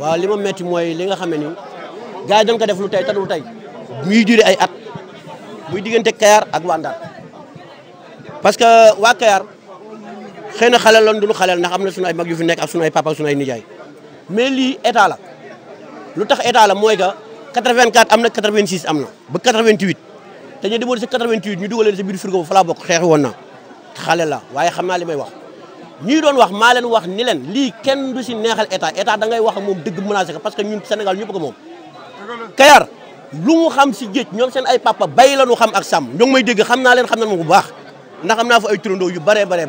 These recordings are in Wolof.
waaw li ma metti mooy li nga xam ne ni gars yi dañ ko def lu ta te lu tey muy duré ay at muy diggante Kayar ak waa parce que waa Kayar xëy na xale loon duñu xaleel ndax am na suñu ay mag yu fi nekk ak suñu ay papa ak suñu ay nijaay mais lii état la lu tax état la mooy que 84 am na 86 am na ba 88 te ñu demoon ñu dugal leen si biir frigo ba la laa bokk xeexi woon na xale la waaye xam naa li may wax ñii doon wax maa leen wax ni leen lii kenn du si neexal état état da ngay wax moom dëgg menacé ko parce que ñun Sénégal ñëpp ko moom. Kayar lu mu xam si géej ñoom seen ay papa bay la ñu xam ak sàmm ñoo ngi dégg xam naa leen xam na bu baax ndax xam naa fa ay turandoo yu bare bare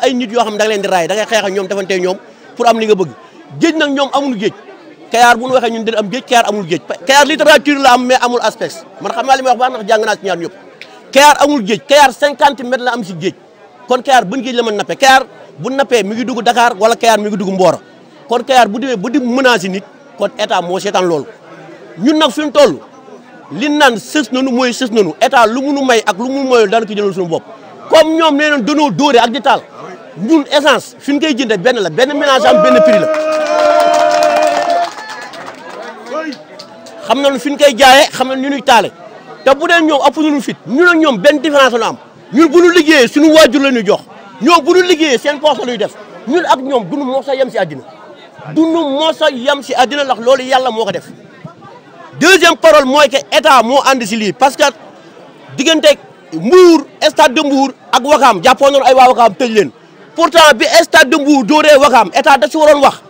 ay nit yoo xam da nga leen di raay da ngay xeex ak ñoom defante ñoom pour am li nga bëgg géej nag ñoom amul géej Kayar bu ñu waxee ñun dañu am géej Kayar géej Kayar littérature la am mais amul aspect man xam naa li may wax baax ndax jàng naa si ñaar ñëpp Kayar amul géej Kayar 50 mètres la am si géej kon Kayar bu géej la mën nappe Kayar bu nappee mi ngi dugg dakaar wala Kayar mi ngi dugg Mboro kon Kayar bu demee ba di menacer nit kon état moo seetaan loolu ñun nag fi mu toll li naan sës nanu mooy sës nanu état lu munu may ak lu munu mayul daana ko jëndal suñu bopp comme ñoom nee nañ danoo dóore ak di taal ñun essence fi ñu koy jënde benn la benn ménage am benn prix la xam nañu fi ñu koy jaayee xam nañu ni ñuy taale te bu dee ñoom ëpp nañu fit ñun ak ñoom benn différence la ñun bu ñu liggéeyee suñu waajur la ñu jox ñoo bu ñu liggéeyee seen poche la ñuy def ñun ak ñoom duñu mos a yam si àddina duñu mos a yem si àddina ndax loolu yàlla moo ko def deuxième parole mooy que état moo ànd si lii parce que diggante Mbour stade de Mbour ak Wakaam jàppoon nañu ay waa Wakaam tëj leen pourtant bi stade de Mbour dooree Wakaam état da si waroon wax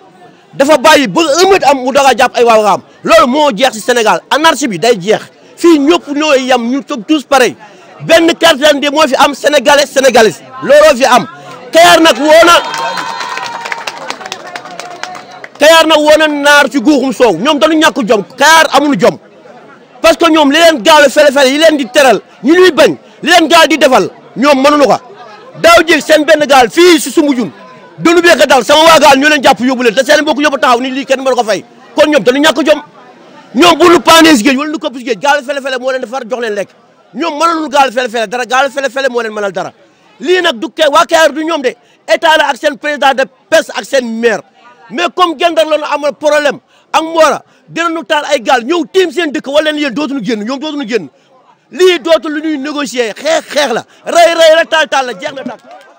dafa bàyyi ba ëmët am mu doog a jàpp ay waa Wakaam loolu moo jeex si Sénégal anarchie bi day jeex fii ñëpp ñooy yem ñu toog tous benn carte d'identité moo fi am sénégalais sénégalais looloo fi am Kayar nag woo na Kayar nag woo na naar ci guuxum soow ñoom dañu ñàkk jom Kayar amuñu jom parce que ñoom li leen gaal fele-fele yi leen di teral ñu ñuy bañ li leen gaal di defal ñoom mënuñu ko daaw jéeg seen benn gaal fii si Soumbédioune dunu beeka daal sama waa gaal ñoo leen jàpp yóbbu leen te seen mbokk yóbbu taxaw ni lii kenn mënu ko fay kon ñoom dañu ñàkk jom ñoom bu nu paanee si géej wala nu këpp si géej ñoom mënalul gaal fele-fele dara gaal fele-fele moo leen mënal dara lii nag du ke waa Kayar du ñoom de état la ak seen président de pes ak seen maire mais comme gendar la ñu amal problème ak Mora dinañu taal ay gaal ñëw tiim seen dëkk wala leen yéen dootuñu génn ñoom dootuñu génn lii dootu lu ñuy négocier xeex xeex la rey rey la taal taal la jeex na tàkk